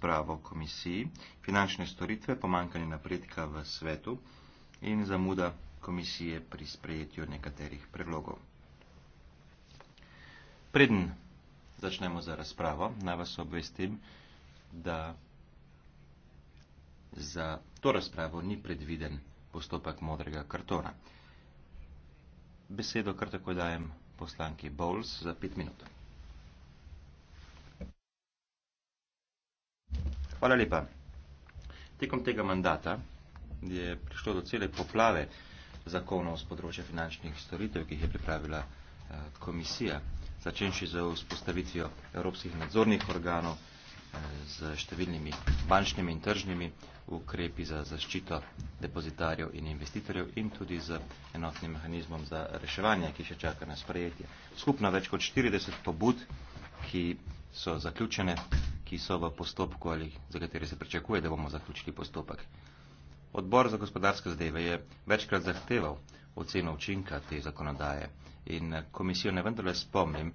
pravo komisiji, finančne storitve, pomankanje napredka v svetu in zamuda komisije pri sprejetju nekaterih predlogov. Preden začnemo za razpravo, naj vas obvestim, da za to razpravo ni predviden postopek modrega kartona. Besedo kar tako dajem poslanki Bowles za pet minut. Hvala lepa. Tekom tega mandata je prišlo do cele poplave zakonov z področja finančnih storitev, ki jih je pripravila eh, komisija, začenši z vzpostavitvijo evropskih nadzornih organov z eh, številnimi bančnimi in tržnimi ukrepi za zaščito depozitarjev in investitorjev in tudi z enotnim mehanizmom za reševanje, ki še čaka na sprejetje. Skupno več kot 40 pobud, ki so zaključene ki so v postopku ali za katere se pričakuje, da bomo zaključili postopek. Odbor za gospodarske zadeve je večkrat zahteval oceno učinka te zakonodaje in komisijo ne vendarle spomnim,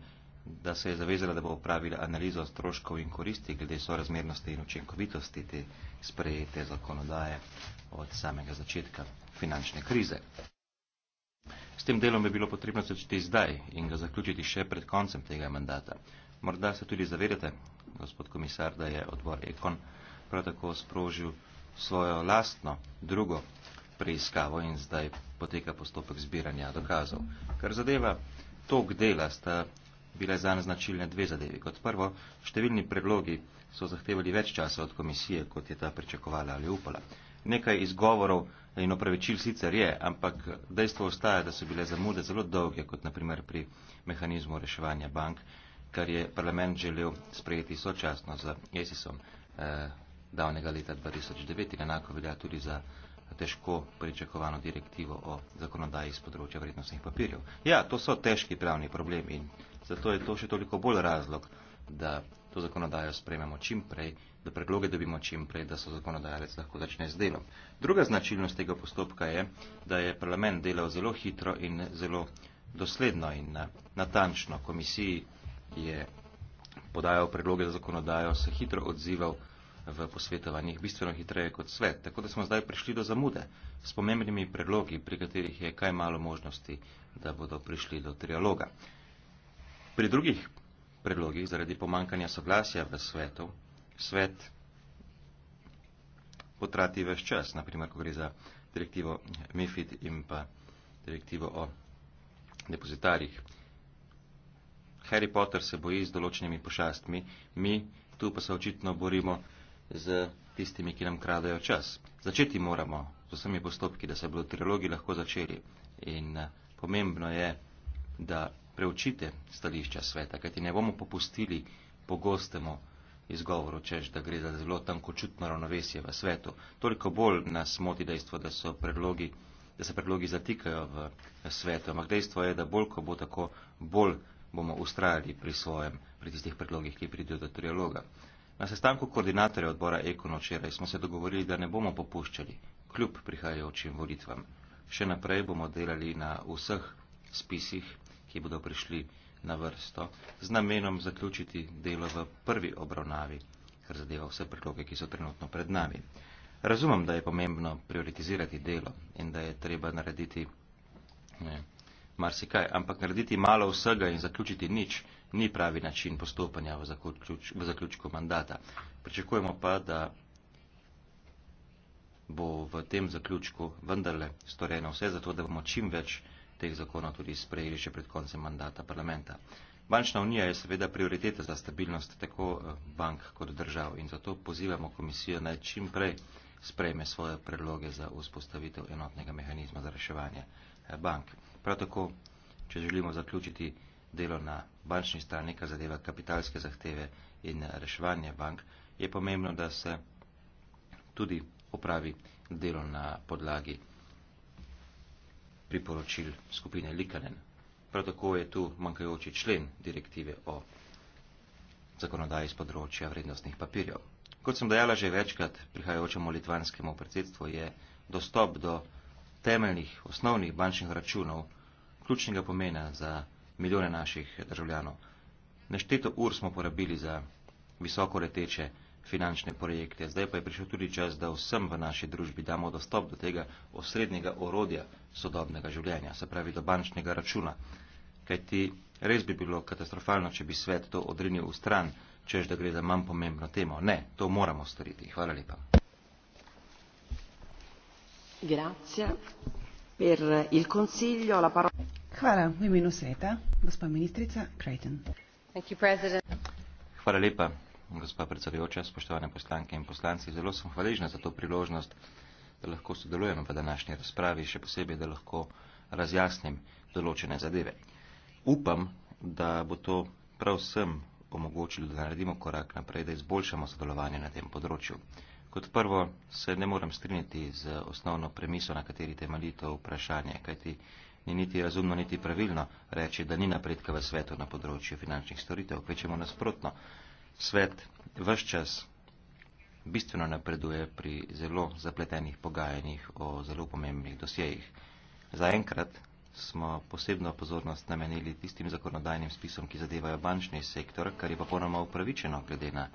da se je zavezala, da bo upravila analizo stroškov in koristi glede sorazmernosti in učinkovitosti te sprejete zakonodaje od samega začetka finančne krize. S tem delom je bilo potrebno začeti zdaj in ga zaključiti še pred koncem tega mandata. Morda se tudi zavedate, gospod komisar, da je odbor Ekon prav tako sprožil svojo lastno drugo preiskavo in zdaj poteka postopek zbiranja dokazov. Kar zadeva tok dela, sta bile zanj značilne dve zadevi. Kot prvo, številni predlogi so zahtevali več časa od komisije, kot je ta pričakovala ali upala. Nekaj izgovorov in opravičil sicer je, ampak dejstvo ostaja, da so bile zamude zelo dolge, kot naprimer pri mehanizmu reševanja bank, kar je parlament želel sprejeti sočasno z ESIS-om eh, davnega leta 2009 in enako velja tudi za težko pričakovano direktivo o zakonodaji iz področja vrednostnih papirjev. Ja, to so težki pravni problemi in zato je to še toliko bolj razlog, da to zakonodajo sprejmemo čim prej, da predloge dobimo čim prej, da so zakonodajalec lahko začne z delom. Druga značilnost tega postopka je, da je parlament delal zelo hitro in zelo dosledno in eh, natančno komisiji je podajal predloge za zakonodajo, se hitro odzival v posvetovanjih, bistveno hitreje kot svet. Tako da smo zdaj prišli do zamude s pomembnimi predlogi, pri katerih je kaj malo možnosti, da bodo prišli do trialoga. Pri drugih predlogih, zaradi pomankanja soglasja v svetu, svet potrati več čas, naprimer, ko gre za direktivo MIFID in pa direktivo o depozitarjih. Harry Potter se boji z določenimi pošastmi, mi tu pa se očitno borimo z tistimi, ki nam kradejo čas. Začeti moramo z vsemi postopki, da se bodo trilogi lahko začeli. In eh, pomembno je, da preučite stališča sveta, kajti ne bomo popustili pogostemu izgovoru, češ, da gre za zelo tankočutno ravnovesje v svetu. Toliko bolj nas moti dejstvo, da, so predlogi, da se predlogi zatikajo v svetu, ampak dejstvo je, da bolj, ko bo tako, bolj bomo ustrajali pri svojem, pri tistih predlogih, ki pridijo do trialoga. Na sestanku koordinatorja odbora Ekono včeraj smo se dogovorili, da ne bomo popuščali, kljub prihajajočim volitvam. Še naprej bomo delali na vseh spisih, ki bodo prišli na vrsto, z namenom zaključiti delo v prvi obravnavi, kar zadeva vse predloge, ki so trenutno pred nami. Razumem, da je pomembno prioritizirati delo in da je treba narediti ne, marsikaj, ampak narediti malo vsega in zaključiti nič ni pravi način postopanja v, zaključ, v zaključku mandata. Pričakujemo pa, da bo v tem zaključku vendarle storjeno vse, zato da bomo čim več teh zakonov tudi sprejeli še pred koncem mandata parlamenta. Bančna unija je seveda prioriteta za stabilnost tako eh, bank kot držav in zato pozivamo komisijo naj čim prej sprejme svoje predloge za vzpostavitev enotnega mehanizma za reševanje eh, bank. Prav tako, če želimo zaključiti delo na bančni strani, kar zadeva kapitalske zahteve in reševanje bank, je pomembno, da se tudi opravi delo na podlagi priporočil skupine Likanen. Prav tako je tu manjkajoči člen direktive o zakonodaji z področja vrednostnih papirjev. Kot sem dejala že večkrat, prihajajočemu litvanskemu predsedstvu je dostop do temeljnih, osnovnih bančnih računov, ključnega pomena za milijone naših državljanov. Nešteto ur smo porabili za visoko leteče finančne projekte. Zdaj pa je prišel tudi čas, da vsem v naši družbi damo dostop do tega osrednjega orodja sodobnega življenja, se pravi do bančnega računa. Kaj ti res bi bilo katastrofalno, če bi svet to odrinil v stran, čež da gre za manj pomembno temo. Ne, to moramo storiti. Hvala lepa gospa predsedujoča spoštovane poslanke in poslanci zelo sem hvaležna za to priložnost da lahko sodelujem v današnji razpravi še posebej da lahko razjasnim določene zadeve upam da bo to prav vsem omogočilo da naredimo korak naprej da izboljšamo sodelovanje na tem področju. Kot prvo se ne morem strinjati z osnovno premiso, na kateri temelji to vprašanje, kajti ni niti razumno, niti pravilno reči, da ni napredka v svetu na področju finančnih storitev, kvečemo nasprotno. Svet vse čas bistveno napreduje pri zelo zapletenih pogajanjih o zelo pomembnih dosjejih. Zaenkrat smo posebno pozornost namenili tistim zakonodajnim spisom, ki zadevajo bančni sektor, kar je pa ponoma upravičeno glede na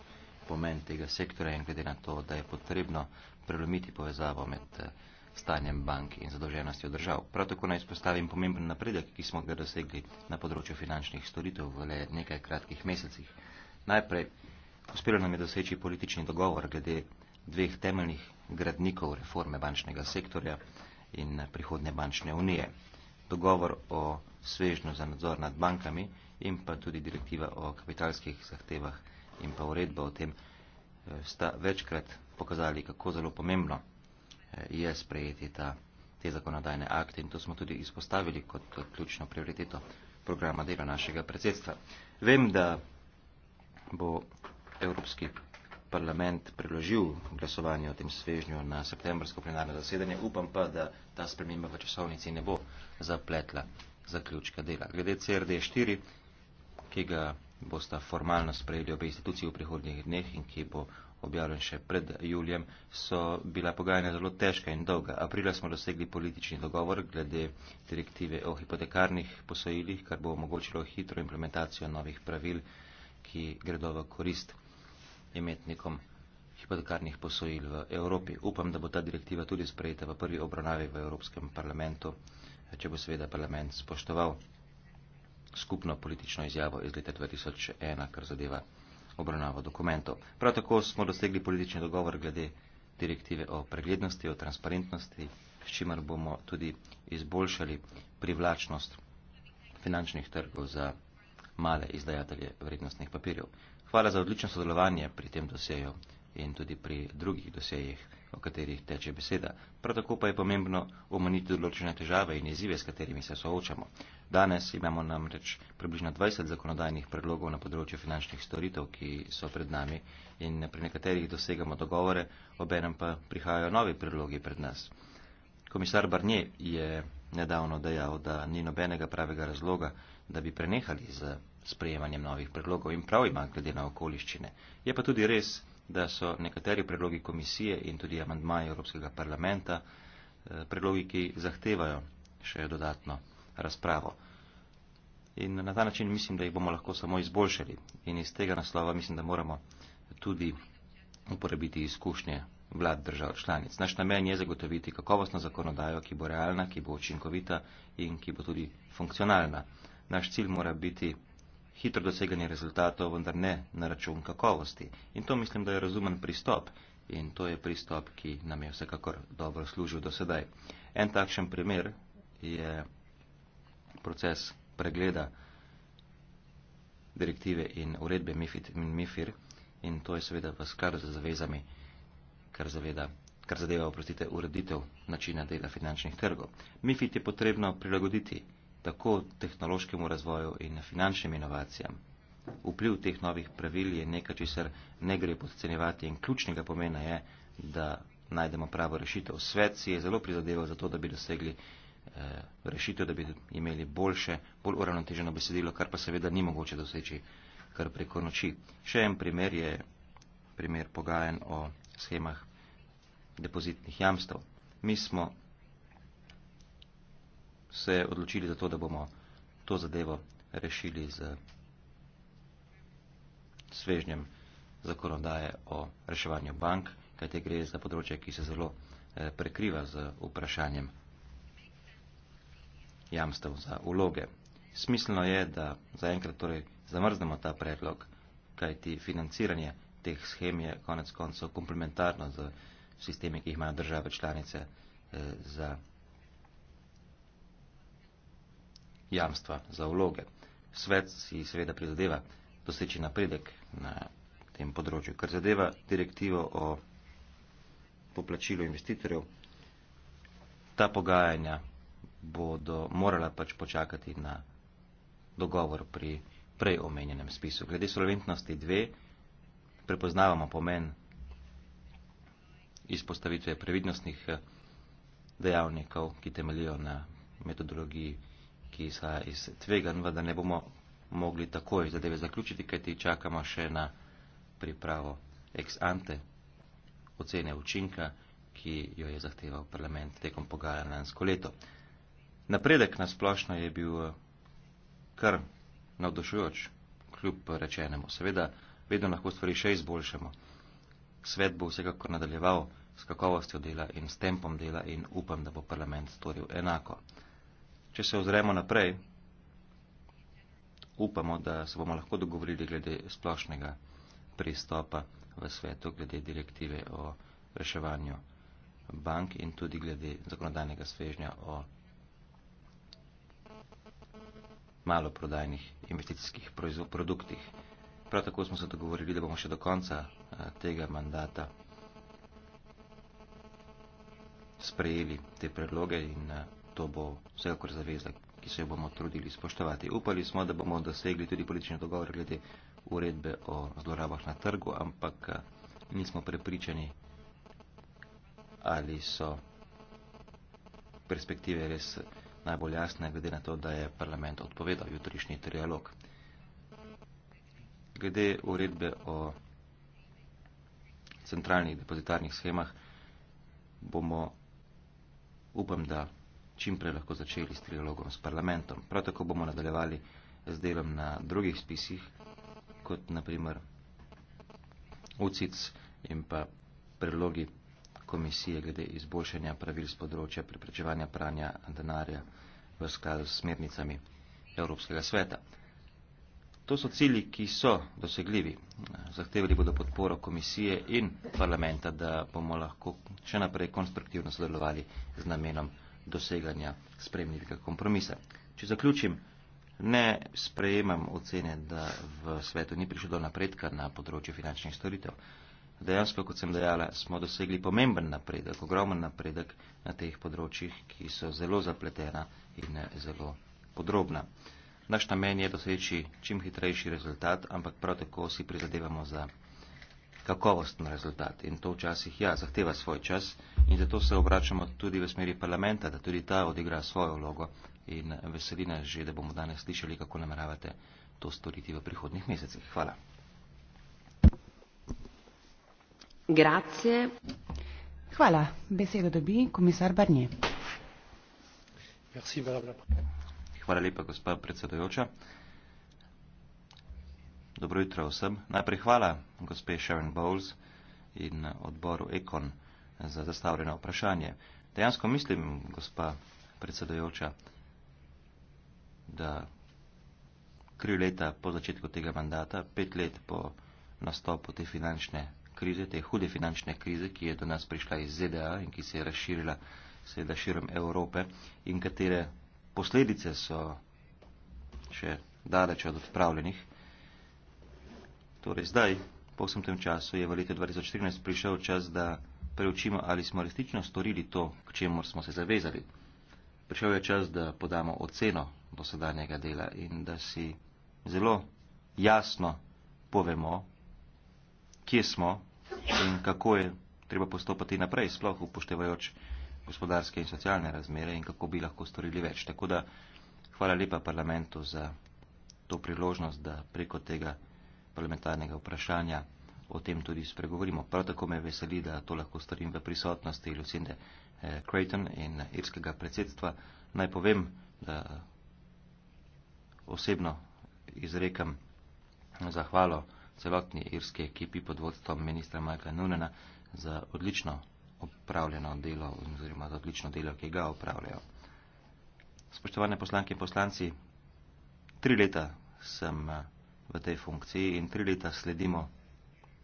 pomen tega sektora in glede na to, da je potrebno prelomiti povezavo med eh, stanjem bank in zadolženostjo držav. Prav tako naj izpostavim pomemben napredek, ki smo ga dosegli na področju finančnih storitev v le nekaj kratkih mesecih. Najprej uspelo nam je doseči politični dogovor glede dveh temeljnih gradnikov reforme bančnega sektorja in eh, prihodne bančne unije. Dogovor o svežnju za nadzor nad bankami in pa tudi direktiva o kapitalskih zahtevah in pa uredba o tem eh, sta večkrat pokazali, kako zelo pomembno eh, je sprejeti ta, te zakonodajne akte in to smo tudi izpostavili kot ključno prioriteto programa dela našega predsedstva. Vem, da bo Evropski parlament preložil glasovanje o tem svežnju na septembrsko plenarno zasedanje. Upam pa, da ta sprememba v časovnici ne bo zapletla zaključka dela. Glede CRD 4, ki ga bosta formalno sprejeli obe instituciji v prihodnjih dneh in ki bo objavljen še pred julijem, so bila pogajanja zelo težka in dolga. Aprila smo dosegli politični dogovor glede direktive o hipotekarnih posojilih, kar bo omogočilo hitro implementacijo novih pravil, ki gredo v korist imetnikom hipotekarnih posojil v Evropi. Upam, da bo ta direktiva tudi sprejeta v prvi obravnavi v Evropskem parlamentu, če bo seveda parlament spoštoval skupno politično izjavo iz leta 2001, kar zadeva obravnavo dokumentov. Prav tako smo dosegli politični dogovor glede direktive o preglednosti, o transparentnosti, s čimer bomo tudi izboljšali privlačnost finančnih trgov za male izdajatelje vrednostnih papirjev. Hvala za odlično sodelovanje pri tem doseju in tudi pri drugih dosejih, o katerih teče beseda. Prav tako pa je pomembno omeniti določene težave in izzive, s katerimi se soočamo. Danes imamo namreč približno 20 zakonodajnih predlogov na področju finančnih storitev, ki so pred nami in pri nekaterih dosegamo dogovore, obenem pa prihajajo novi predlogi pred nas. Komisar Barnier je nedavno dejal, da ni nobenega pravega razloga, da bi prenehali z sprejemanjem novih predlogov in prav ima glede na okoliščine. Je pa tudi res, da so nekateri predlogi komisije in tudi amandmaji Evropskega parlamenta eh, predlogi, ki zahtevajo še dodatno razpravo. In na ta način mislim, da jih bomo lahko samo izboljšali. In iz tega naslova mislim, da moramo tudi uporabiti izkušnje vlad držav članic. Naš namen je zagotoviti kakovostno zakonodajo, ki bo realna, ki bo učinkovita in ki bo tudi funkcionalna. Naš cilj mora biti hitro doseganje rezultatov, vendar ne na račun kakovosti. In to mislim, da je razumen pristop. In to je pristop, ki nam je vsekakor dobro služil do sedaj. En takšen primer je proces pregleda direktive in uredbe MIFID in MIFIR in to je seveda v skladu z zavezami, kar, zaveda, kar zadeva oprostite, ureditev načina dela finančnih trgov. MIFID je potrebno prilagoditi tako tehnološkemu razvoju in finančnim inovacijam. Vpliv teh novih pravil je nekaj, česar ne gre podcenjevati in ključnega pomena je, da najdemo pravo rešitev. Svet si je zelo prizadeval za to, da bi dosegli Eh, rešitev, da bi imeli boljše, bolj uravnoteženo besedilo, kar pa seveda ni mogoče doseči kar preko noči. Še en primer je primer pogajen o schemah depozitnih jamstev. Mi smo se odločili za to, da bomo to zadevo rešili z svežnjem zakonodaje o reševanju bank, kajte gre za področje, ki se zelo eh, prekriva z vprašanjem jamstev za uloge. Smiselno je, da zaenkrat torej zamrznemo ta predlog, kajti financiranje teh schem je konec koncev komplementarno z sistemi, ki jih imajo države članice eh, za jamstva za uloge. Svet si seveda prizadeva doseči napredek na tem področju. Kar zadeva direktivo o poplačilu investitorjev, ta pogajanja bodo morala pač počakati na dogovor pri prej omenjenem spisu. Glede solventnosti dve, prepoznavamo pomen izpostavitve previdnostnih eh, dejavnikov, ki temeljijo na metodologiji, ki izhaja iz tvegan, da ne bomo mogli takoj zadeve zaključiti, kajti čakamo še na pripravo ex ante ocene učinka, ki jo je zahteval parlament tekom pogajanj lansko leto. Napredek na splošno je bil eh, kar navdušujoč, kljub rečenemu. Seveda, vedno lahko stvari še izboljšamo. Svet bo vsekakor nadaljeval s kakovostjo dela in s tempom dela in upam, da bo parlament storil enako. Če se ozremo naprej, upamo, da se bomo lahko dogovorili glede splošnega pristopa v svetu, glede direktive o reševanju bank in tudi glede zakonodajnega svežnja o. malo prodajnih investicijskih produktih. Prav tako smo se dogovorili, da bomo še do konca eh, tega mandata sprejeli te predloge in eh, to bo vse okor zaveza, ki se jo bomo trudili spoštovati. Upali smo, da bomo dosegli tudi politični dogovor glede uredbe o zlorabah na trgu, ampak eh, nismo prepričani, ali so perspektive res različne najbolj jasne, glede na to, da je parlament odpovedal jutrišnji trialog. Glede uredbe o centralnih depozitarnih schemah bomo, upam, da čim prej lahko začeli s trialogom s parlamentom. Prav tako bomo nadaljevali z delom na drugih spisih, kot naprimer UCIC in pa predlogi komisije glede izboljšanja pravil z področja preprečevanja pranja denarja v skladu s smernicami Evropskega sveta. To so cilji, ki so dosegljivi. Zahtevali bodo podporo komisije in parlamenta, da bomo lahko še naprej konstruktivno sodelovali z namenom doseganja spremljivega kompromisa. Če zaključim, ne sprejemam ocene, da v svetu ni prišlo do napredka na področju finančnih storitev dejansko, kot sem dejala, smo dosegli pomemben napredek, ogromen napredek na teh področjih, ki so zelo zapletena in eh, zelo podrobna. Naš namen je doseči čim hitrejši rezultat, ampak prav tako si prizadevamo za kakovosten rezultat in to včasih ja, zahteva svoj čas in zato se obračamo tudi v smeri parlamenta, da tudi ta odigra svojo vlogo in eh, veseli nas že, da bomo danes slišali, kako nameravate to storiti v prihodnih mesecih. Hvala. hvala lepa gospa predsedujoča dobro jutro vsem najprej hvala gospe sharon bowles in odboru ekon za zastavljeno vprašanje dejansko mislim gospa predsedujoča da tri leta po začetku tega mandata pet let po nastopu te finančne krize, te hude finančne krize, ki je do nas prišla iz ZDA in ki se je razširila seveda širom Evrope in katere posledice so še daleč od odpravljenih. Torej zdaj, po vsem tem času, je v letu 2014 prišel čas, da preučimo, ali smo resnično storili to, k čemu smo se zavezali. Prišel je čas, da podamo oceno dosedanjega dela in da si zelo jasno povemo, kje smo, in kako je treba postopati naprej, sploh upoštevajoč gospodarske in socialne razmere in kako bi lahko storili več. Tako da hvala lepa parlamentu za to priložnost, da preko tega parlamentarnega vprašanja o tem tudi spregovorimo. Prav tako me veseli, da to lahko storim v prisotnosti Lucinde eh, Creighton in irskega predsedstva. Naj povem, da eh, osebno izrekam eh, zahvalo celotni irski ekipi pod vodstvom ministra Majka Nunena za odlično opravljeno delo oziroma za odlično delo, ki ga opravljajo. Spoštovane poslanke in poslanci, tri leta sem eh, v tej funkciji in tri leta sledimo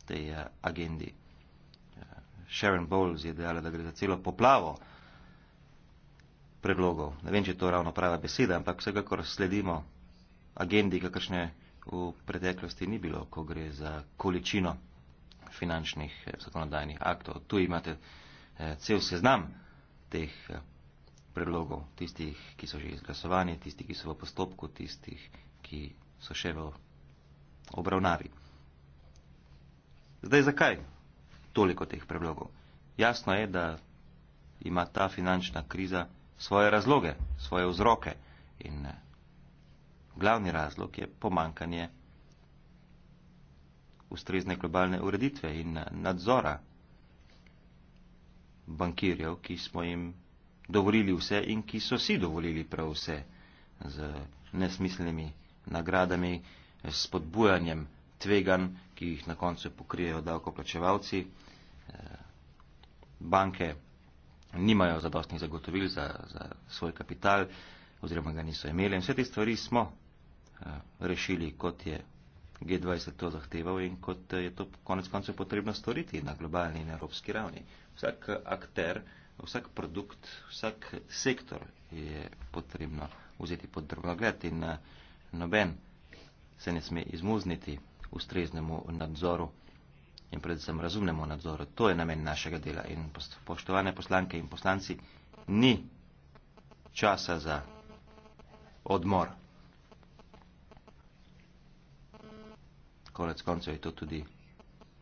tej eh, agendi. Eh, Sharon Bowles je dejala, da gre za celo poplavo predlogov. Ne vem, če je to ravno prava beseda, ampak vsekakor sledimo agendi, kakršne v preteklosti ni bilo, ko gre za količino finančnih eh, zakonodajnih aktov. Tu imate eh, cel seznam teh eh, predlogov, tistih, ki so že izglasovani, tistih, ki so v postopku, tistih, ki so še v obravnavi. Zdaj, zakaj toliko teh predlogov? Jasno je, da ima ta finančna kriza svoje razloge, svoje vzroke in Glavni razlog je pomankanje ustrezne globalne ureditve in eh, nadzora bankirjev, ki smo jim dovolili vse in ki so si dovolili prav vse z nesmislenimi nagradami, s podbujanjem tvegan, ki jih na koncu pokrijejo davkoplačevalci. Eh, banke nimajo zadostnih zagotovil za, za svoj kapital oziroma ga niso imeli. Vse te stvari smo rešili, kot je G20 to zahteval in kot eh, je to konec koncev potrebno storiti na globalni in evropski ravni. Vsak akter, vsak produkt, vsak sektor je potrebno vzeti pod drugogled in eh, noben se ne sme izmuzniti ustreznemu nadzoru in predvsem razumnemu nadzoru. To je namen našega dela in poštovane poslanke in poslanci, ni časa za odmor. konec koncev je to tudi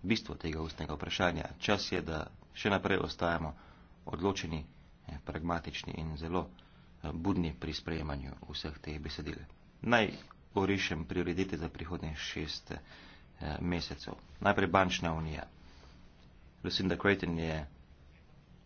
bistvo tega ustnega vprašanja. Čas je, da še naprej ostajamo odločeni, eh, pragmatični in zelo eh, budni pri sprejemanju vseh teh besedil. Naj orišem prioritete za prihodnje šest eh, mesecev. Najprej bančna unija. Lucinda Creighton je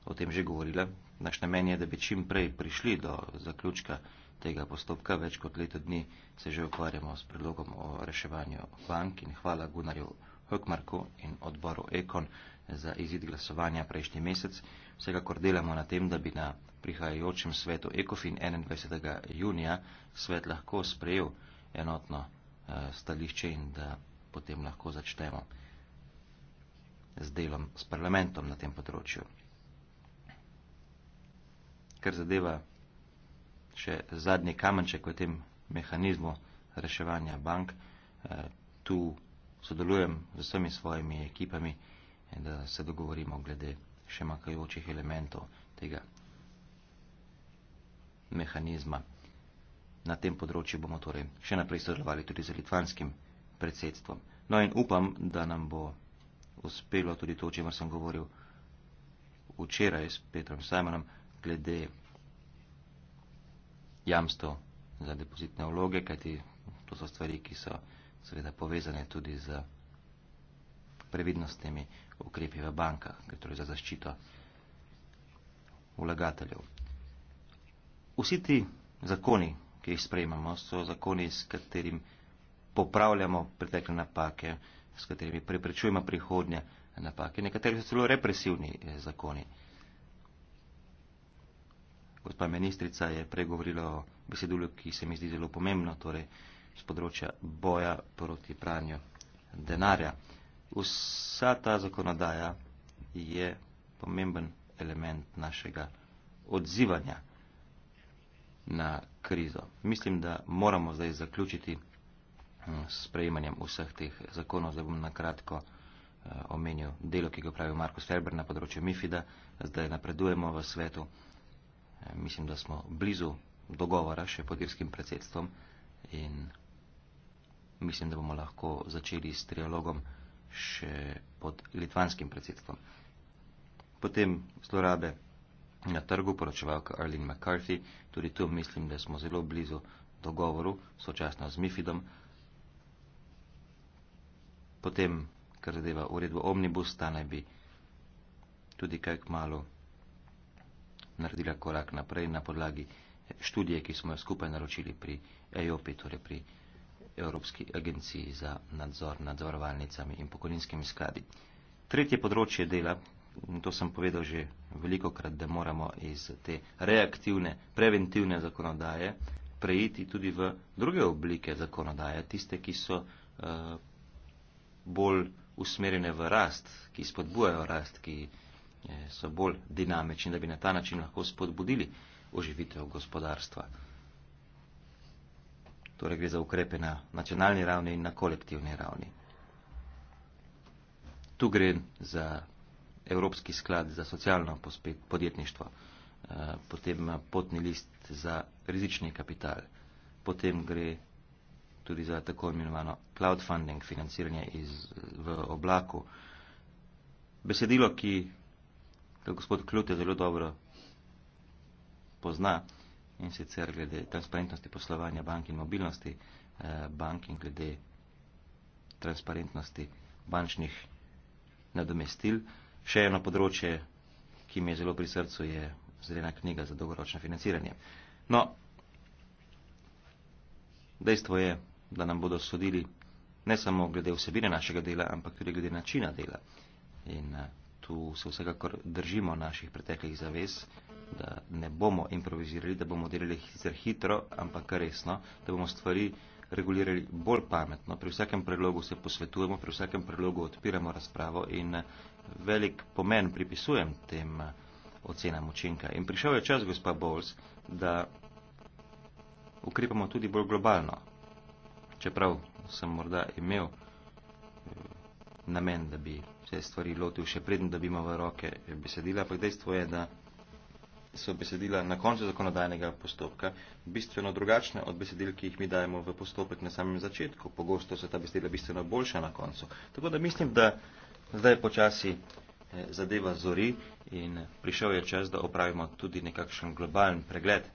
o tem že govorila. Naš namen je, da bi čim prej prišli do zaključka tega postopka. Več kot leto dni se že ukvarjamo s predlogom o reševanju bank in hvala Gunarju Hökmarku in odboru Ekon za izid glasovanja prejšnji mesec. Vsekakor delamo na tem, da bi na prihajajočem svetu Ekofin 21. junija svet lahko sprejel enotno eh, stališče in da potem lahko začnemo z delom s parlamentom na tem področju. Kar zadeva še zadnji kamenček v tem mehanizmu reševanja bank. Eh, tu sodelujem z vsemi svojimi ekipami, eh, da se dogovorimo glede še makajočih elementov tega mehanizma. Na tem področju bomo torej še naprej sodelovali tudi z litvanskim predsedstvom. No in upam, da nam bo uspelo tudi to, o čemer sem govoril včeraj s Petrom Simonom, glede jamstvo za depozitne vloge, kajti to so stvari, ki so seveda povezane tudi z previdnostnimi ukrepi v bankah, ker torej za zaščito vlagateljev. Vsi ti zakoni, ki jih sprejmamo, so zakoni, s katerim popravljamo pretekle napake, s katerimi preprečujemo prihodnje napake. Nekateri so celo represivni eh, zakoni. Gospa ministrica je pregovorila o besedilu, ki se mi zdi zelo pomembno, torej z področja boja proti pranju denarja. Vsa ta zakonodaja je pomemben element našega odzivanja na krizo. Mislim, da moramo zdaj zaključiti mm, s sprejemanjem vseh teh zakonov. Zdaj bom nakratko eh, omenil delo, ki ga pravi Markus Ferber na področju Mifida, zdaj napredujemo v svetu. Eh, mislim, da smo blizu dogovora še pod irskim predsedstvom in mislim, da bomo lahko začeli s trialogom še pod litvanskim predsedstvom. Potem zlorabe na trgu, poročevalka Arlene McCarthy, tudi tu mislim, da smo zelo blizu dogovoru, sočasno z Mifidom. Potem, kar zadeva uredbo omnibus, ta naj bi tudi kaj k malu naredila korak naprej na podlagi študije, ki smo jo skupaj naročili pri EOP, torej pri Evropski agenciji za nadzor nad zavarovalnicami in pokojninskimi skladi. Tretje področje dela, to sem povedal že veliko krat, da moramo iz te reaktivne, preventivne zakonodaje preiti tudi v druge oblike zakonodaje, tiste, ki so uh, bolj usmerjene v rast, ki spodbujajo rast, ki uh, Eh, so bolj dinamični, da bi na ta način lahko spodbudili oživitev gospodarstva. Torej gre za ukrepe na nacionalni ravni in na kolektivni ravni. Tu gre za Evropski sklad za socialno podjetništvo, eh, potem potni list za rizični kapital, potem gre tudi za tako imenovano crowdfunding, financiranje iz, v oblaku. Besedilo, ki to gospod Klute zelo dobro pozna in sicer glede transparentnosti poslovanja bank in mobilnosti eh, bank in glede transparentnosti bančnih nadomestil. Še eno področje, ki mi je zelo pri srcu, je zrena knjiga za dolgoročno financiranje. No, dejstvo je, da nam bodo sodili ne samo glede vsebine našega dela, ampak tudi glede načina dela. In, eh, tu se vsekakor držimo naših preteklih zavez, da ne bomo improvizirali, da bomo delali sicer hitro, ampak resno, da bomo stvari regulirali bolj pametno. Pri vsakem predlogu se posvetujemo, pri vsakem predlogu odpiramo razpravo in velik pomen pripisujem tem ocenam učinka. In prišel je čas, gospa Bowles, da ukrepamo tudi bolj globalno. Čeprav sem morda imel namen, da bi se stvari lotil še predem, da bi imel v roke besedila, ampak dejstvo je, da so besedila na koncu zakonodajnega postopka bistveno drugačne od besedil, ki jih mi dajemo v postopek na samem začetku. Pogosto so ta besedila bistveno boljša na koncu. Tako da mislim, da zdaj počasi eh, zadeva zori in prišel je čas, da opravimo tudi nekakšen globalen pregled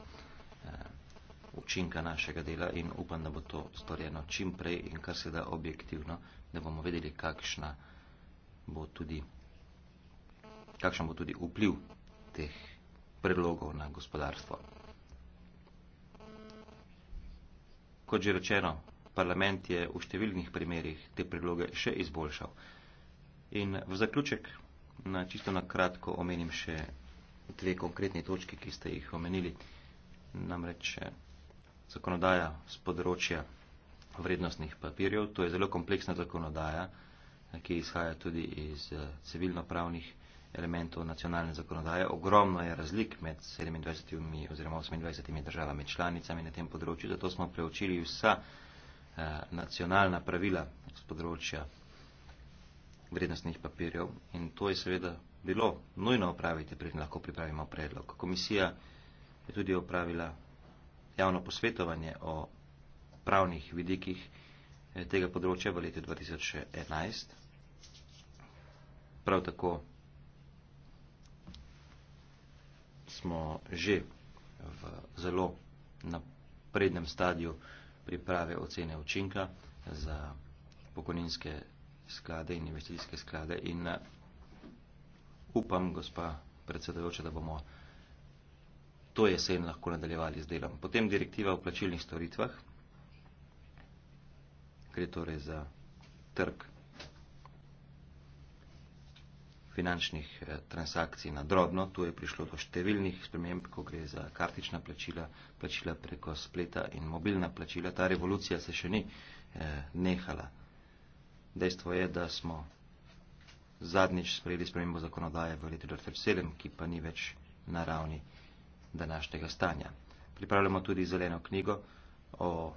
učinka našega dela in upam, da bo to storjeno čim prej in kar se da objektivno, da bomo vedeli, kakšna bo tudi, kakšen bo tudi vpliv teh predlogov na gospodarstvo. Kot že rečeno, parlament je v številnih primerjih te predloge še izboljšal. In v zaključek, na čisto na kratko, omenim še dve konkretne točke, ki ste jih omenili. Namreč zakonodaja z področja vrednostnih papirjev. To je zelo kompleksna zakonodaja, ki izhaja tudi iz eh, civilno-pravnih elementov nacionalne zakonodaje. Ogromno je razlik med 27 oziroma 28 državami članicami na tem področju, zato smo preučili vsa eh, nacionalna pravila z področja vrednostnih papirjev in to je seveda bilo nujno opraviti, preden lahko pripravimo predlog. Komisija je tudi opravila javno posvetovanje o pravnih vidikih eh, tega področja v letu 2011. Prav tako smo že v zelo naprednem stadiju priprave ocene učinka za pokojninske sklade in investicijske sklade in eh, upam, gospa predsedujoča, da bomo to jesen lahko nadaljevali z delom. Potem direktiva o plačilnih storitvah, gre torej za trg finančnih eh, transakcij na drobno, tu je prišlo do številnih sprememb, ko gre za kartična plačila, plačila preko spleta in mobilna plačila. Ta revolucija se še ni eh, nehala. Dejstvo je, da smo zadnjič sprejeli spremembo zakonodaje v letu 2007, ki pa ni več na ravni eh, današnjega stanja. Pripravljamo tudi zeleno knjigo o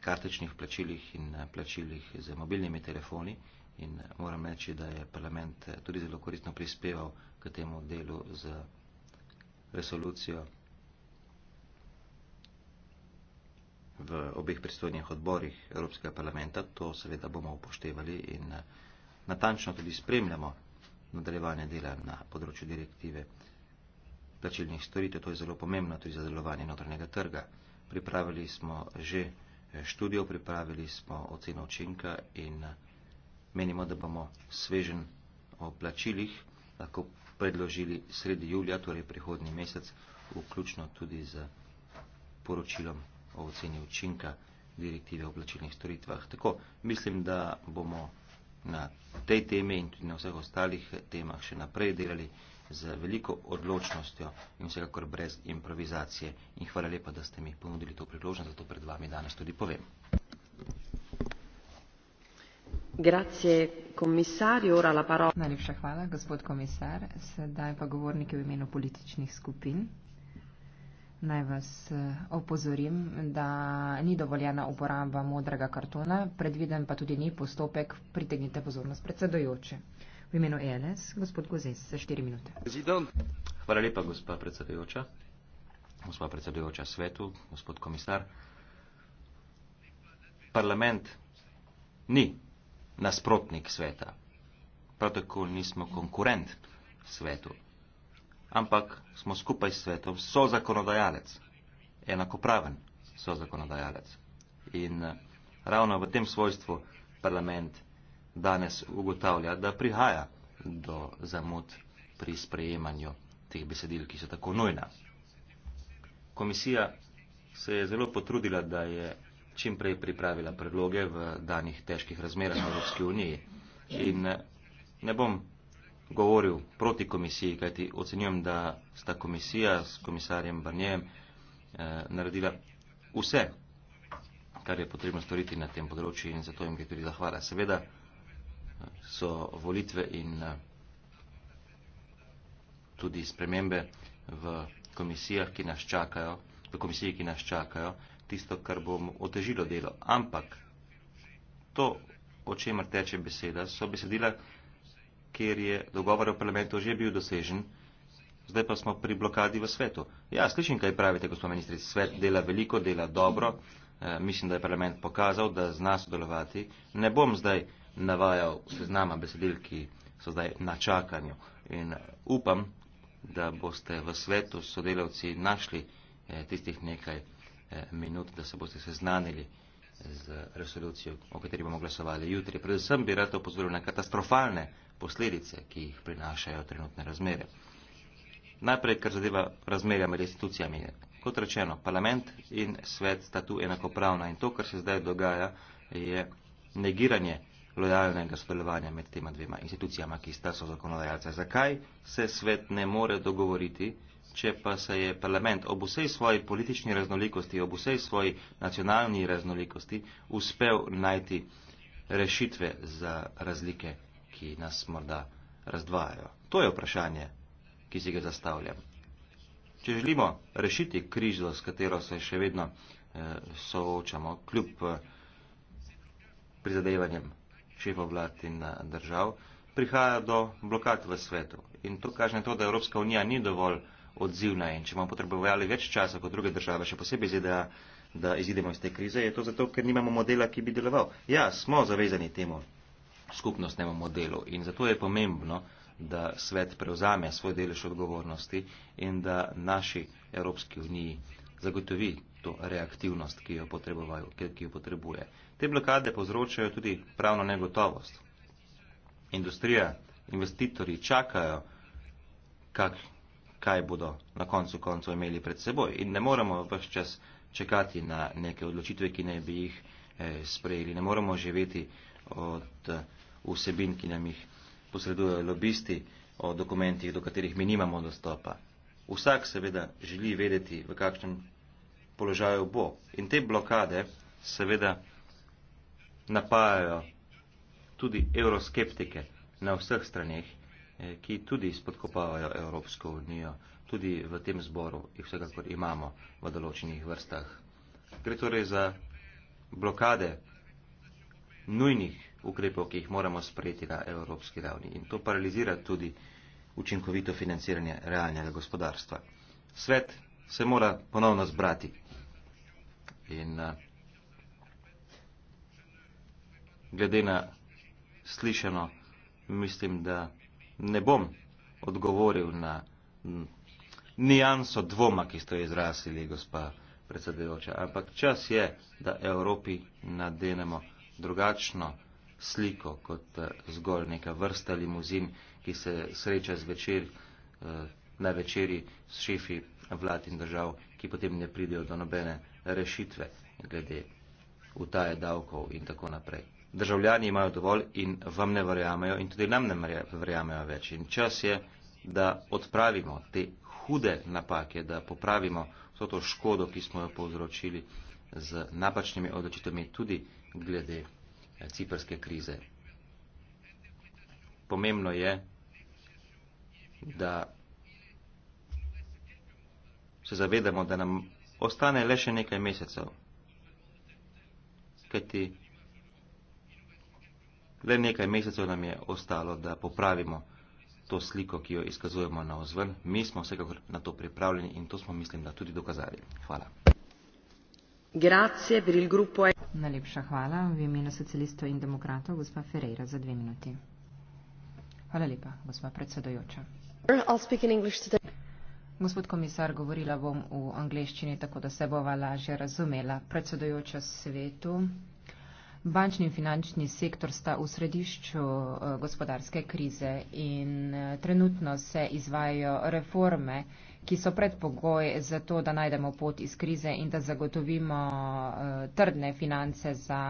kartičnih plačilih in eh, plačilih z mobilnimi telefoni in eh, moram reči, da je parlament eh, tudi zelo koristno prispeval k temu delu z resolucijo v obeh pristojnih odborih Evropskega parlamenta. To seveda bomo upoštevali in natančno tudi spremljamo nadaljevanje dela na področju direktive plačilnih storitev, to je zelo pomembno tudi za delovanje notranjega trga. Pripravili smo že eh, študijo, pripravili smo oceno učinka in eh, menimo, da bomo svežen o plačilih lahko predložili sredi julija, torej prihodni mesec, vključno tudi z poročilom o oceni učinka direktive o plačilnih storitvah. Tako, mislim, da bomo na tej temi in tudi na vseh ostalih temah še naprej delali z veliko odločnostjo in vsekakor brez improvizacije. In hvala lepa, da ste mi ponudili to priložnost, da to pred vami danes tudi povem. Grazie, komisarju. Najlepša hvala, gospod komisar. Sedaj pa govornike v imenu političnih skupin. Naj vas eh, opozorim, da ni dovoljena uporaba modrega kartona, predviden pa tudi ni postopek, pritegnite pozornost predsedojoče. V imenu ELS, gospod Gozes, za štiri minute. Prezident. Hvala lepa, gospa predsedujoča, gospa predsedujoča svetu, gospod komisar. Parlament ni nasprotnik sveta, prav tako nismo konkurent svetu, ampak smo skupaj s svetom so zakonodajalec, enakopraven so zakonodajalec. In eh, ravno v tem svojstvu parlament danes ugotavlja, da prihaja do zamud pri sprejemanju teh besedil, ki so tako nujna. Komisija se je zelo potrudila, da je čim prej pripravila predloge v danih težkih razmerah na Evropski uniji. In eh, ne bom govoril proti komisiji, kajti ocenjujem, da sta komisija s komisarjem Barnjem eh, naredila vse, kar je potrebno storiti na tem področju in zato jim gre tudi zahvala. Seveda, so volitve in eh, tudi spremembe v komisijah, ki nas čakajo, v komisiji, ki nas čakajo, tisto, kar bo otežilo delo. Ampak to, o čemer teče beseda, so besedila, kjer je dogovor v parlamentu že bil dosežen, zdaj pa smo pri blokadi v svetu. Ja, slišim, kaj pravite, gospod ministr, svet dela veliko, dela dobro, e, mislim, da je parlament pokazal, da zna sodelovati. Ne bom zdaj navajal seznama besedil, ki so zdaj na čakanju. In eh, upam, da boste v svetu sodelavci našli eh, tistih nekaj eh, minut, da se boste seznanili z resolucijo, o kateri bomo glasovali jutri. Predvsem bi rad opozoril na katastrofalne posledice, ki jih prinašajo trenutne razmere. Najprej, kar zadeva razmerja med institucijami. Kot rečeno, parlament in svet sta tu enakopravna in to, kar se zdaj dogaja, je negiranje lojalnega sodelovanja med tema dvema institucijama, ki sta so zakonodajalca. Zakaj se svet ne more dogovoriti, če pa se je parlament ob vsej svoji politični raznolikosti, ob vsej svoji nacionalni raznolikosti uspel najti rešitve za razlike, ki nas morda razdvajajo? To je vprašanje, ki si ga zastavljam. Če želimo rešiti križo, s katero se še vedno eh, soočamo, kljub eh, prizadevanjem šefov vlad in eh, držav, prihaja do blokad v svetu. In to kaže na to, da Evropska unija ni dovolj odzivna in če bomo potrebovali več časa kot druge države, še posebej ZDA, da izidemo iz te krize, je to zato, ker nimamo modela, ki bi deloval. Ja, smo zavezani temu skupnostnemu modelu in zato je pomembno, da svet prevzame svoj delež odgovornosti in da naši Evropski uniji zagotovi to reaktivnost, ki jo, ki jo potrebuje. Te blokade povzročajo tudi pravno negotovost. Industrija, investitorji čakajo, kak, kaj bodo na koncu konca imeli pred seboj in ne moremo vse čas čakati na neke odločitve, ki ne bi jih eh, sprejeli. Ne moremo živeti od eh, vsebin, ki nam jih posredujejo lobisti, o dokumentih, do katerih mi nimamo dostopa. Vsak seveda želi vedeti, v kakšnem položaju bo. In te blokade seveda napajajo tudi euroskeptike na vseh straneh, eh, ki tudi spodkopavajo Evropsko unijo, tudi v tem zboru jih vsekakor imamo v določenih vrstah. Gre torej za blokade nujnih ukrepov, ki jih moramo sprejeti na evropski ravni in to paralizira tudi učinkovito financiranje realnega gospodarstva. Svet se mora ponovno zbrati In eh, glede na slišeno, mislim, da ne bom odgovoril na nijanso dvoma, ki ste izrazili, gospa predsedujoča. Ampak čas je, da Evropi nadenemo drugačno sliko kot eh, zgolj neka vrsta limuzin, ki se sreča zvečer, eh, na večeri s šefi vlad in držav, ki potem ne pridejo do nobene rešitve glede utaje davkov in tako naprej. Državljani imajo dovolj in vam ne verjamejo in tudi nam ne verjamejo več. In čas je, da odpravimo te hude napake, da popravimo vso to škodo, ki smo jo povzročili z napačnimi odločitvami tudi glede eh, ciprske krize. Pomembno je, da se zavedamo, da nam ostane le še nekaj mesecev. Kajti le nekaj mesecev nam je ostalo, da popravimo to sliko, ki jo izkazujemo na ozven. Mi smo vsekakor na to pripravljeni in to smo, mislim, da tudi dokazali. Hvala. Grazie per il gruppo. E. Najlepša hvala v imenu socialistov in demokratov, gospa Ferreira, za dve minuti. Hvala lepa, gospa predsedojoča. I'll speak in English today. Gospod komisar, govorila bom v angleščini, tako da se bova lažje razumela. Predsedujoča svetu, Bančni in finančni sektor sta v središču eh, gospodarske krize in eh, trenutno se izvajajo reforme, ki so predpogoj za to, da najdemo pot iz krize in da zagotovimo eh, trdne finance za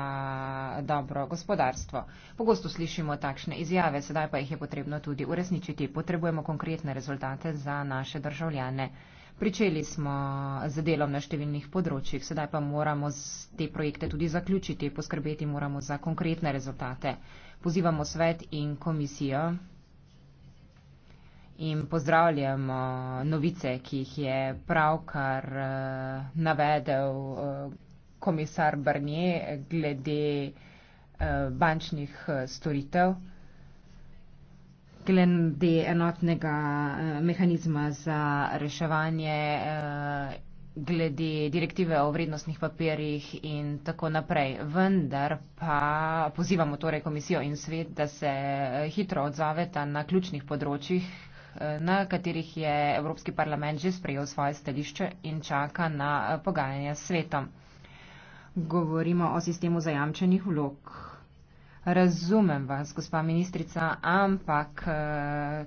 dobro gospodarstvo. Pogosto slišimo takšne izjave, sedaj pa jih je potrebno tudi uresničiti. Potrebujemo konkretne rezultate za naše državljane. Pričeli smo z delom na številnih področjih, sedaj pa moramo te projekte tudi zaključiti, poskrbeti moramo za konkretne rezultate. Pozivamo svet in komisijo in pozdravljamo novice, ki jih je pravkar eh, navedel eh, komisar Barnier glede eh, bančnih storitev glede enotnega eh, mehanizma za reševanje, eh, glede direktive o vrednostnih papirjih in tako naprej. Vendar pa pozivamo torej komisijo in svet, da se eh, hitro odzoveta na ključnih področjih, na katerih je Evropski parlament že sprejel svoje stališče in čaka na pogajanja s svetom. Govorimo o sistemu zajamčenih vlog. Razumem vas, gospa ministrica, ampak eh,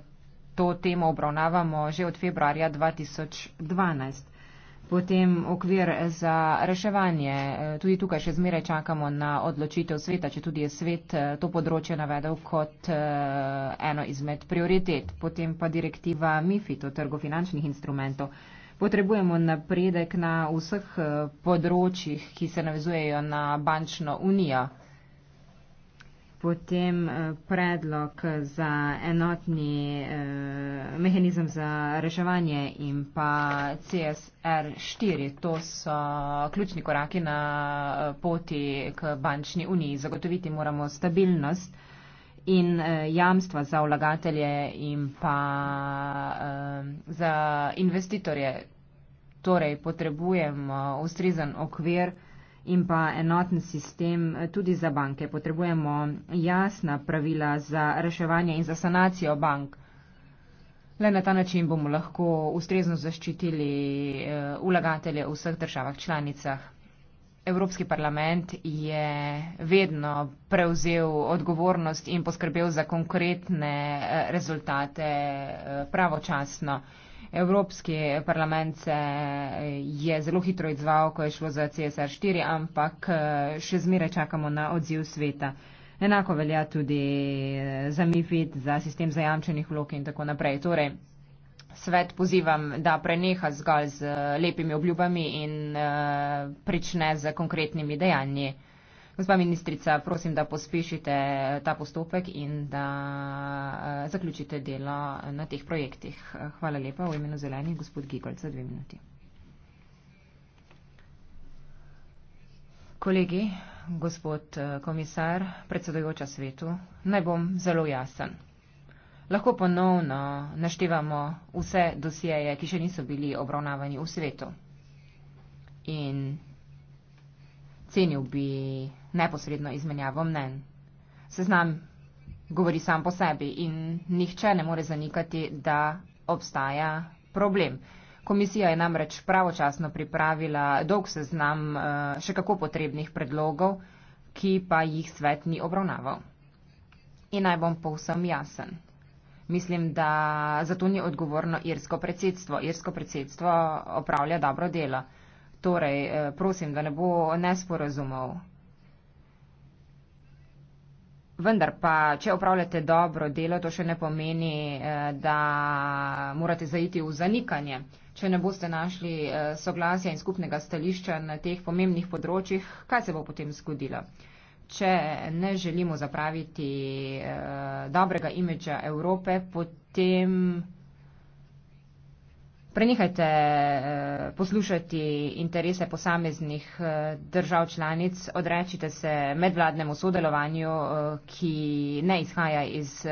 to temo obravnavamo že od februarja 2012. Potem okvir za reševanje. Eh, tudi tukaj še zmeraj čakamo na odločitev sveta, če tudi je svet eh, to področje navedel kot eno izmed prioritet. Potem pa direktiva MIFID o trgu finančnih instrumentov. Potrebujemo napredek na vseh področjih, ki se navezujejo na bančno unijo potem eh, predlog za enotni eh, mehanizem za reševanje in pa CSR4. To so ključni koraki na eh, poti k bančni uniji. Zagotoviti moramo stabilnost in jamstva za vlagatelje in pa za investitorje. Torej potrebujem ustrezen okvir in pa enoten sistem eh, tudi za banke. Potrebujemo jasna pravila za reševanje in za sanacijo bank. Le na ta način bomo lahko ustrezno zaščitili ulagatelje eh, v vseh državah članicah. Evropski parlament je vedno prevzel odgovornost in poskrbel za konkretne eh, rezultate pravočasno. Evropski parlament se je zelo hitro odzval, ko je šlo za CSR4, ampak eh, še zmeraj čakamo na odziv sveta. Enako velja tudi eh, za MIFID, za sistem zajamčenih vlog in tako naprej. Torej, svet pozivam, da preneha zgolj z eh, lepimi obljubami in uh, prične z konkretnimi dejanji. Gospa ministrica, prosim, da pospešite eh, ta postopek in da eh, zaključite delo eh, na teh projektih. Hvala lepa. V imenu zeleni, gospod Gigolc, za dve minuti. Kolegi, gospod komisar, predsedojoča svetu, naj bom zelo jasen. Lahko ponovno naštevamo vse dosjeje, ki še niso bili obravnavani v svetu. In cenil bi neposredno izmenjavo mnen. Seznam govori sam po sebi in nihče ne more zanikati, da obstaja problem. Komisija je namreč pravočasno pripravila dolg seznam eh, še kako potrebnih predlogov, ki pa jih svet ni obravnaval. In naj bom povsem jasen. Mislim, da zato ni odgovorno irsko predsedstvo. Irsko predsedstvo opravlja dobro delo. Torej, eh, prosim, da ne bo nesporazumov. Vendar pa, če upravljate dobro delo, to še ne pomeni, eh, da morate zaiti v zanikanje. Če ne boste našli eh, soglasja in skupnega stališča na teh pomembnih področjih, kaj se bo potem zgodilo? Če ne želimo zapraviti eh, dobrega imidža Evrope, potem Prenehajte eh, poslušati interese posameznih eh, držav članic, odrečite se medvladnemu sodelovanju, eh, ki ne izhaja iz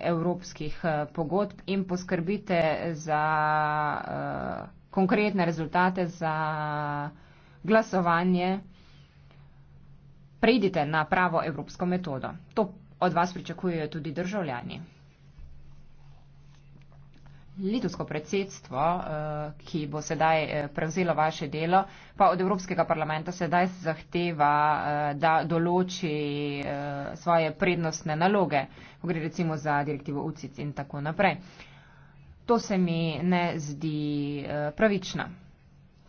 evropskih pogodb in poskrbite za konkretne rezultate za glasovanje. Prejdite na pravo evropsko metodo. To od vas pričakujejo tudi državljani. Litovsko predsedstvo, eh, ki bo sedaj eh, prevzelo vaše delo, pa od Evropskega parlamenta sedaj zahteva, eh, da določi svoje prednostne naloge, ko gre recimo za direktivo UCIC in tako naprej. To se mi ne zdi pravično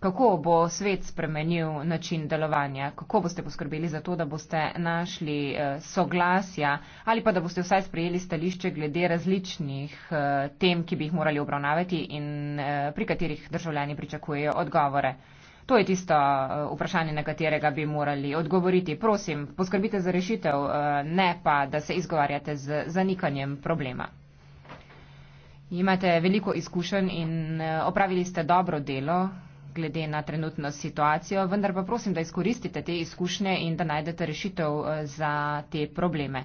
kako bo svet spremenil način delovanja, kako boste poskrbeli za to, da boste našli eh, soglasja ali pa da boste vsaj sprejeli stališče glede različnih eh, tem, ki bi jih morali obravnavati in eh, pri katerih državljani pričakujejo odgovore. To je tisto vprašanje, na katerega bi morali odgovoriti. Prosim, poskrbite za rešitev, ne pa, da se izgovarjate z zanikanjem problema. Imate veliko izkušenj in opravili ste dobro delo glede na trenutno situacijo, vendar pa prosim, da izkoristite te izkušnje in da najdete rešitev eh, za te probleme.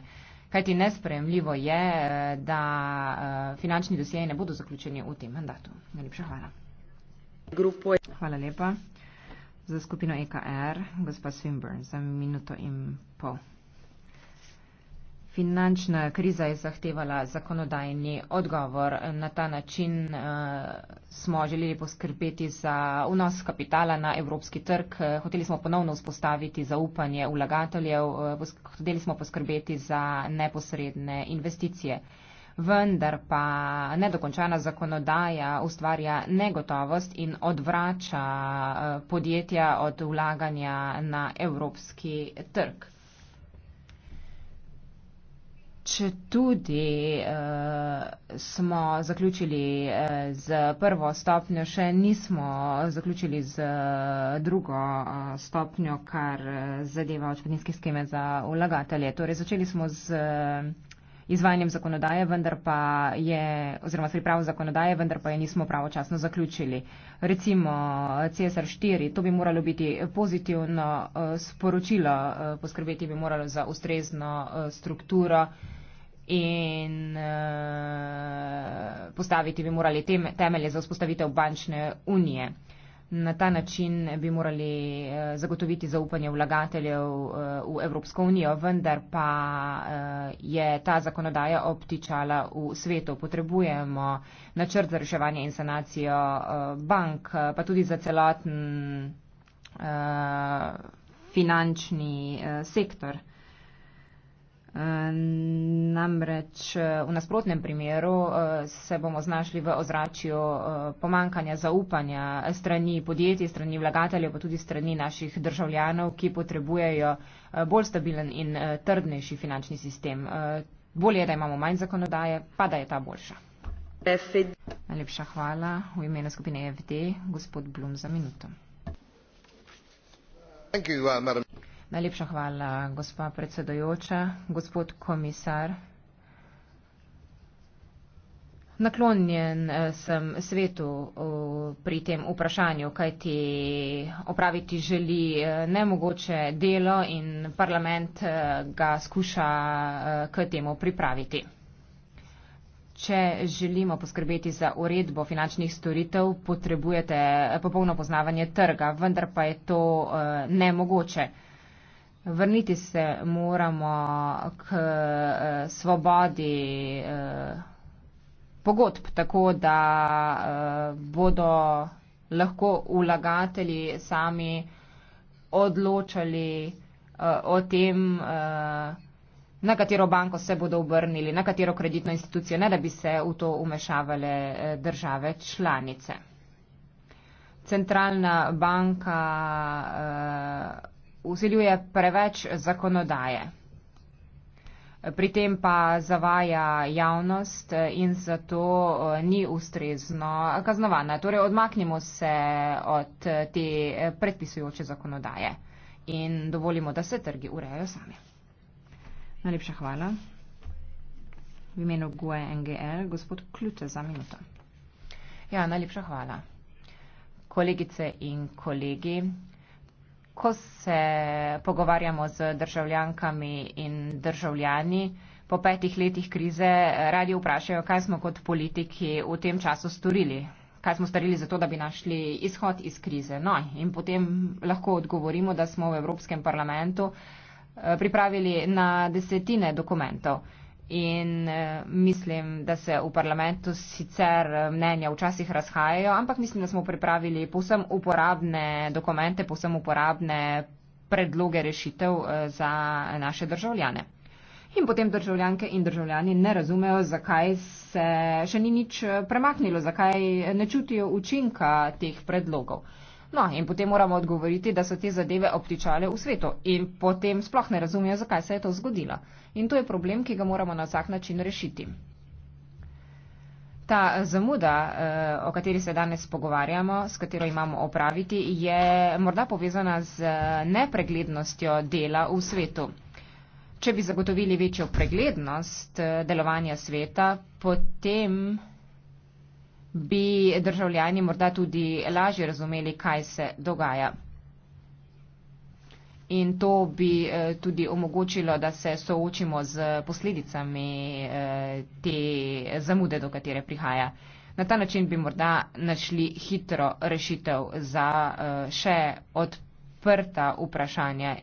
Kajti nespremljivo je, eh, da eh, finančni dosjeji ne bodo zaključeni v tem mandatu. Najlepša hvala. E. Hvala lepa. Za skupino EKR, er, gospa Swinburne, za minuto in pol finančna kriza je zahtevala zakonodajni odgovor. Na ta način uh, smo želeli poskrbeti za vnos kapitala na evropski trg, hoteli smo ponovno vzpostaviti zaupanje vlagateljev, uh, hoteli smo poskrbeti za neposredne investicije. Vendar pa nedokončana zakonodaja ustvarja negotovost in odvrača eh, podjetja od vlaganja na evropski trg. Če tudi uh, eh, smo zaključili uh, z prvo stopnjo, še nismo zaključili z uh, drugo uh, stopnjo, kar uh, zadeva očpodinske skeme za vlagatelje. Torej, začeli smo z uh, izvajanjem zakonodaje, vendar pa je, oziroma s pripravo zakonodaje, vendar pa je nismo pravočasno zaključili. Recimo CSR4, to bi moralo biti pozitivno uh, sporočilo, uh, poskrbeti bi moralo za ustrezno uh, strukturo in uh, postaviti bi morali tem, temelje za vzpostavitev bančne unije. Na ta način bi morali uh, zagotoviti zaupanje vlagateljev uh, v Evropsko unijo, vendar pa uh, je ta zakonodaja obtičala v svetu. Potrebujemo načrt za reševanje in sanacijo uh, bank, uh, pa tudi za celoten uh, finančni uh, sektor. Namreč v nasprotnem primeru eh, se bomo znašli v ozračju eh, pomankanja zaupanja strani podjetij, strani vlagateljev, pa tudi strani naših državljanov, ki potrebujejo eh, bolj stabilen in trdnejši finančni sistem. Bolje je, da imamo manj zakonodaje, pa da je ta boljša. Najlepša hvala v imenu skupine EFD, gospod Blum, za minuto. Thank you, uh, Madam... Najlepša hvala, gospa predsedojoča, gospod komisar. Naklonjen eh, sem svetu eh, pri tem vprašanju, kaj ti opraviti želi eh, nemogoče delo in parlament ga skuša k temu pripraviti. Če želimo poskrbeti za uredbo finančnih storitev, potrebujete popolno poznavanje trga, vendar pa je to nemogoče. Vrniti se moramo k eh, svobodi eh, pogodb, tako da eh, bodo lahko vlagatelji sami odločali o tem, na katero banko se bodo obrnili, na katero kreditno institucijo, ne da bi se v to umešavale države članice. Centralna banka. Uh, vsiljuje preveč zakonodaje. Pri tem pa zavaja javnost in zato eh, ni ustrezno kaznovana. Torej odmaknimo se od te eh, predpisujoče zakonodaje in dovolimo, da se trgi urejajo sami. Najlepša hvala. V imenu GUE NGL, gospod Kljuce za minuto. Ja, najlepša hvala. Kolegice in kolegi ko se pogovarjamo z državljankami in državljani, po petih letih krize radi vprašajo, kaj smo kot politiki v tem času storili. Kaj smo storili za to, da bi našli izhod iz krize. No, in potem lahko odgovorimo, da smo v Evropskem parlamentu eh, pripravili na desetine dokumentov. In uh, mislim, da se v parlamentu sicer eh, mnenja včasih razhajajo, ampak mislim, da smo pripravili posem uporabne dokumente, posem uporabne predloge rešitev uh, za naše državljane. In potem državljanke in državljani ne razumejo, zakaj se še ni nič premaknilo, zakaj ne čutijo učinka teh predlogov. Uh, No, in potem moramo odgovoriti, da so te zadeve obtičale v svetu in potem sploh ne razumijo, zakaj se je to zgodilo. In to je problem, ki ga moramo na vsak način rešiti. Ta zamuda, eh, o kateri se danes pogovarjamo, s katero imamo opraviti, je morda povezana z eh, nepreglednostjo dela v svetu. Če bi zagotovili večjo preglednost eh, delovanja sveta, potem bi državljani morda tudi lažje razumeli, kaj se dogaja. In to bi eh, tudi omogočilo, da se soočimo z posledicami eh, te zamude, do katere prihaja. Na ta način bi morda našli hitro rešitev za eh, še odprta vprašanja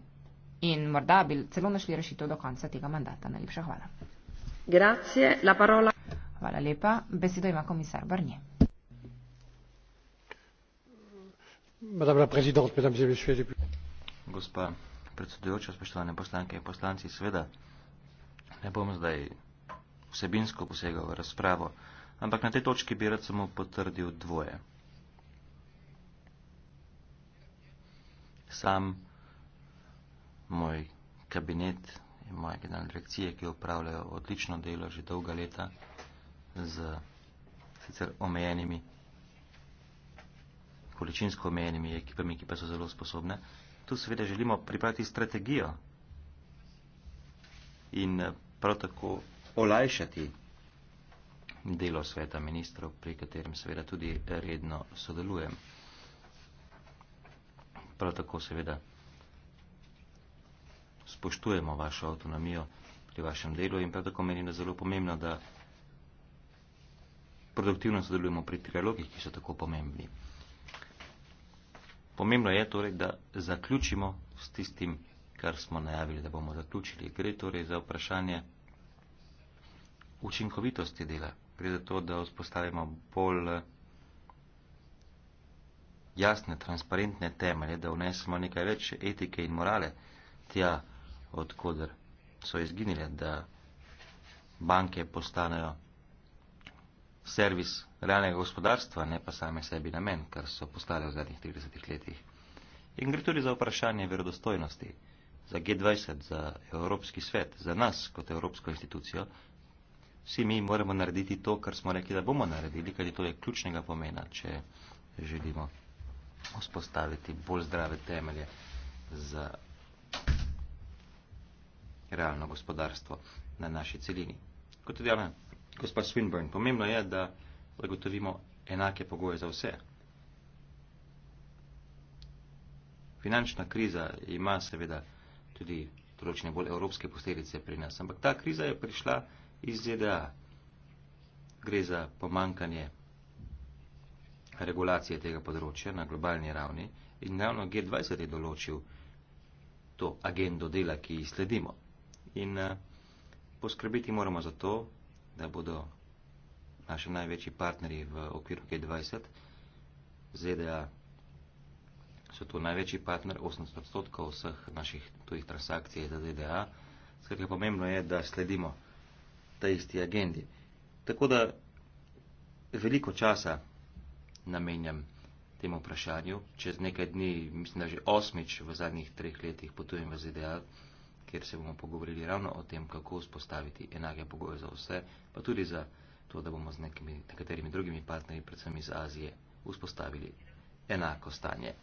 in morda bi celo našli rešitev do konca tega mandata. Najlepša hvala. Grazie, Hvala lepa. Besedo ima komisar Barnje. Gospa predsedujoča, spoštovane poslanke in poslanci, sveda ne bom zdaj vsebinsko posegal v razpravo, ampak na tej točki bi rad samo potrdil dvoje. Sam, moj kabinet in moja generalna direkcija, ki upravljajo odlično delo že dolga leta, z sicer omejenimi, količinsko omejenimi ekipami, ki pa so zelo sposobne. Tu seveda želimo pripraviti strategijo in eh, prav tako olajšati delo sveta ministrov, pri katerem seveda tudi redno sodelujem. Prav tako seveda spoštujemo vašo avtonomijo pri vašem delu in prav tako menim, da je zelo pomembno, da produktivno sodelujemo pri trialogih, ki so tako pomembni. Pomembno je torej, da zaključimo s tistim, kar smo najavili, da bomo zaključili. Gre torej za vprašanje učinkovitosti dela. Gre za to, da vzpostavimo bolj jasne, transparentne temelje, da vnesemo nekaj več etike in morale tja, odkudar so izginile, da banke postanejo servis realnega gospodarstva, ne pa same sebi namen, kar so postale v zadnjih 30 letih. In gre tudi za vprašanje verodostojnosti, za G20, za Evropski svet, za nas kot Evropsko institucijo. Vsi mi moramo narediti to, kar smo rekli, da bomo naredili, kajti to je ključnega pomena, če želimo vzpostaviti bolj zdrave temelje za realno gospodarstvo na naši celini. Kot tudi, ja, gospa Swinburne, pomembno je, da zagotovimo enake pogoje za vse. Finančna kriza ima seveda tudi določene bolj evropske posledice pri nas, ampak ta kriza je prišla iz ZDA. Gre za pomankanje regulacije tega področja na globalni ravni in ravno G20 je določil to agendo dela, ki jih sledimo. In eh, poskrbiti moramo za to, da bodo naši največji partnerji v okviru G20. ZDA so tu največji partner, 80 odstotkov vseh naših tujih transakcij je za ZDA. Skratka, pomembno je, da sledimo ta isti agendi. Tako da veliko časa namenjam temu vprašanju. Čez nekaj dni, mislim, da že osmič v zadnjih treh letih potujem v ZDA kjer se bomo pogovorili ravno o tem, kako vzpostaviti enake pogoje za vse, pa tudi za to, da bomo z nekimi, nekaterimi drugimi partnerji, predvsem iz Azije, vzpostavili enako stanje.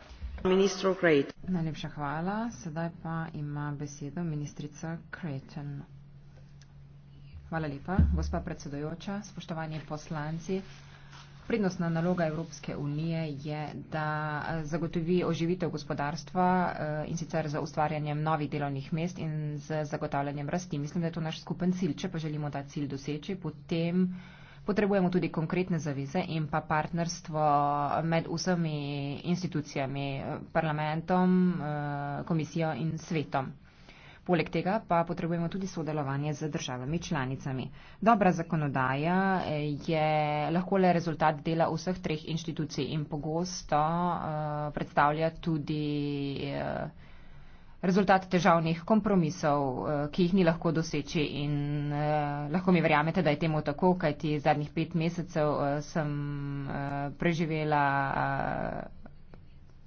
Ministro Creighton. Najlepša hvala. Sedaj pa ima besedo ministrica Creighton. Hvala lepa, gospa predsedojoča, spoštovani poslanci, Prednostna naloga Evropske unije je, da eh, zagotovi oživitev gospodarstva eh, in sicer za ustvarjanjem novih delovnih mest in z zagotavljanjem rasti. Mislim, da je to naš skupen cilj. Če pa želimo ta cilj doseči, potem potrebujemo tudi konkretne zaveze in pa partnerstvo med vsemi institucijami, eh, parlamentom, komisijo in svetom. Poleg tega pa potrebujemo tudi sodelovanje z državami članicami. Dobra zakonodaja eh, je lahko le rezultat dela vseh treh inštitucij in pogosto eh, predstavlja tudi eh, rezultat težavnih kompromisov, ki jih ni lahko doseči in lahko mi verjamete, da je temu tako, kajti zadnjih pet mesecev sem preživela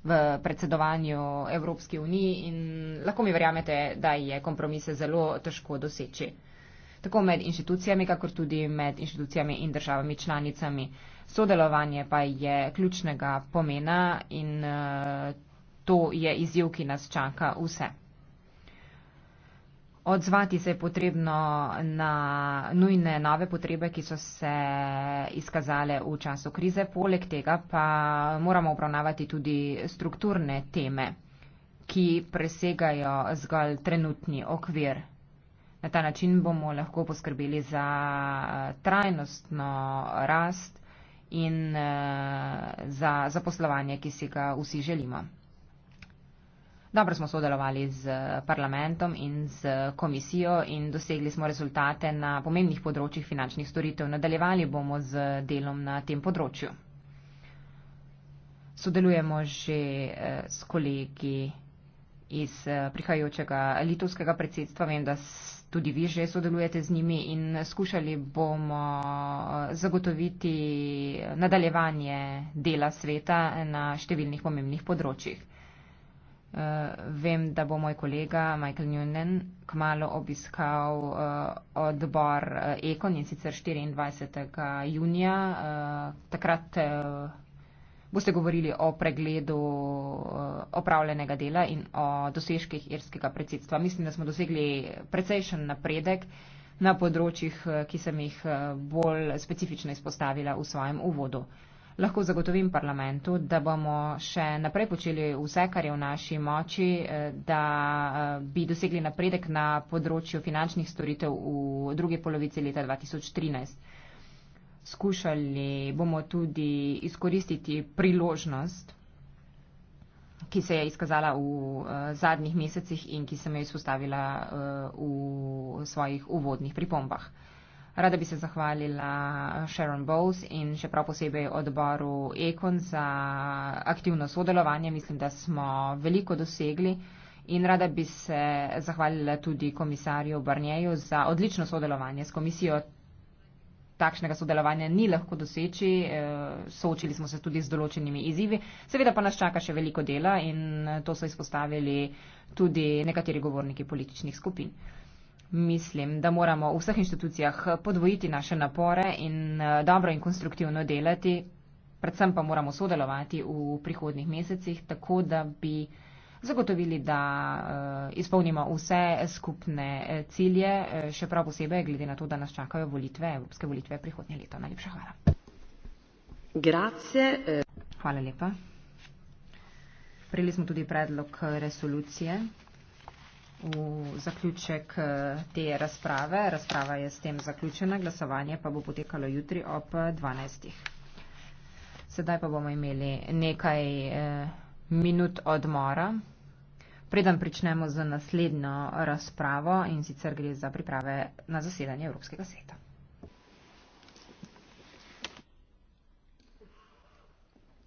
v predsedovanju Evropski uniji in lahko mi verjamete, da je kompromise zelo težko doseči. Tako med inštitucijami, kakor tudi med inštitucijami in državami članicami. Sodelovanje pa je ključnega pomena in eh, to je izjiv, ki nas čaka vse. Odzvati se je potrebno na nujne nove potrebe, ki so se izkazale v času krize. Poleg tega pa moramo obravnavati tudi strukturne teme, ki presegajo zgolj trenutni okvir. Na ta način bomo lahko poskrbeli za eh, trajnostno rast in eh, za zaposlovanje, ki si ga vsi želimo. Dobro smo sodelovali z eh, parlamentom in z eh, komisijo in dosegli smo rezultate na pomembnih področjih finančnih storitev. Nadaljevali bomo z delom na tem področju. Sodelujemo že eh, s kolegi iz prihajajočega litovskega predsedstva. Vem, da tudi vi že sodelujete z njimi in skušali bomo zagotoviti nadaljevanje dela sveta na številnih pomembnih področjih. Uh, vem, da bo moj kolega Michael Newnen kmalo obiskal uh, odbor uh, Ekon in sicer 24. junija. Uh, takrat uh, boste govorili o pregledu uh, opravljenega dela in o dosežkih irskega predsedstva. Mislim, da smo dosegli precejšen napredek na področjih, uh, ki sem jih uh, bolj specifično izpostavila v svojem uvodu. Uh, lahko zagotovim parlamentu, da bomo še naprej počeli vse, kar je v naši moči, eh, da eh, bi dosegli napredek na področju finančnih storitev v drugi polovici leta 2013. Skušali bomo tudi izkoristiti priložnost, ki se je izkazala v eh, zadnjih mesecih in ki sem jo izpostavila v svojih uvodnih pripombah. Rada bi se zahvalila Sharon Bowles in še prav posebej odboru Ekon za aktivno sodelovanje. Mislim, da smo veliko dosegli. In rada bi se zahvalila tudi komisarju Barnjeju za odlično sodelovanje s komisijo. Takšnega sodelovanja ni lahko doseči, eh, soočili smo se tudi z določenimi izzivi. Seveda pa nas čaka še veliko dela in to so izpostavili tudi nekateri govorniki političnih skupin mislim, da moramo v vseh inštitucijah podvojiti naše napore in eh, dobro in konstruktivno delati, predvsem pa moramo sodelovati v prihodnih mesecih, tako da bi zagotovili, da eh, izpolnimo vse skupne eh, cilje, še prav posebej glede na to, da nas čakajo volitve, evropske volitve prihodnje leto. Najlepša hvala. Grazie. Hvala lepa. Prijeli smo tudi predlog resolucije v zaključek eh, te razprave. Razprava je s tem zaključena, glasovanje pa bo potekalo jutri ob 12. Sedaj pa bomo imeli nekaj eh, minut odmora. Preden pričnemo z naslednjo razpravo in sicer gre za priprave na zasedanje Evropskega sveta.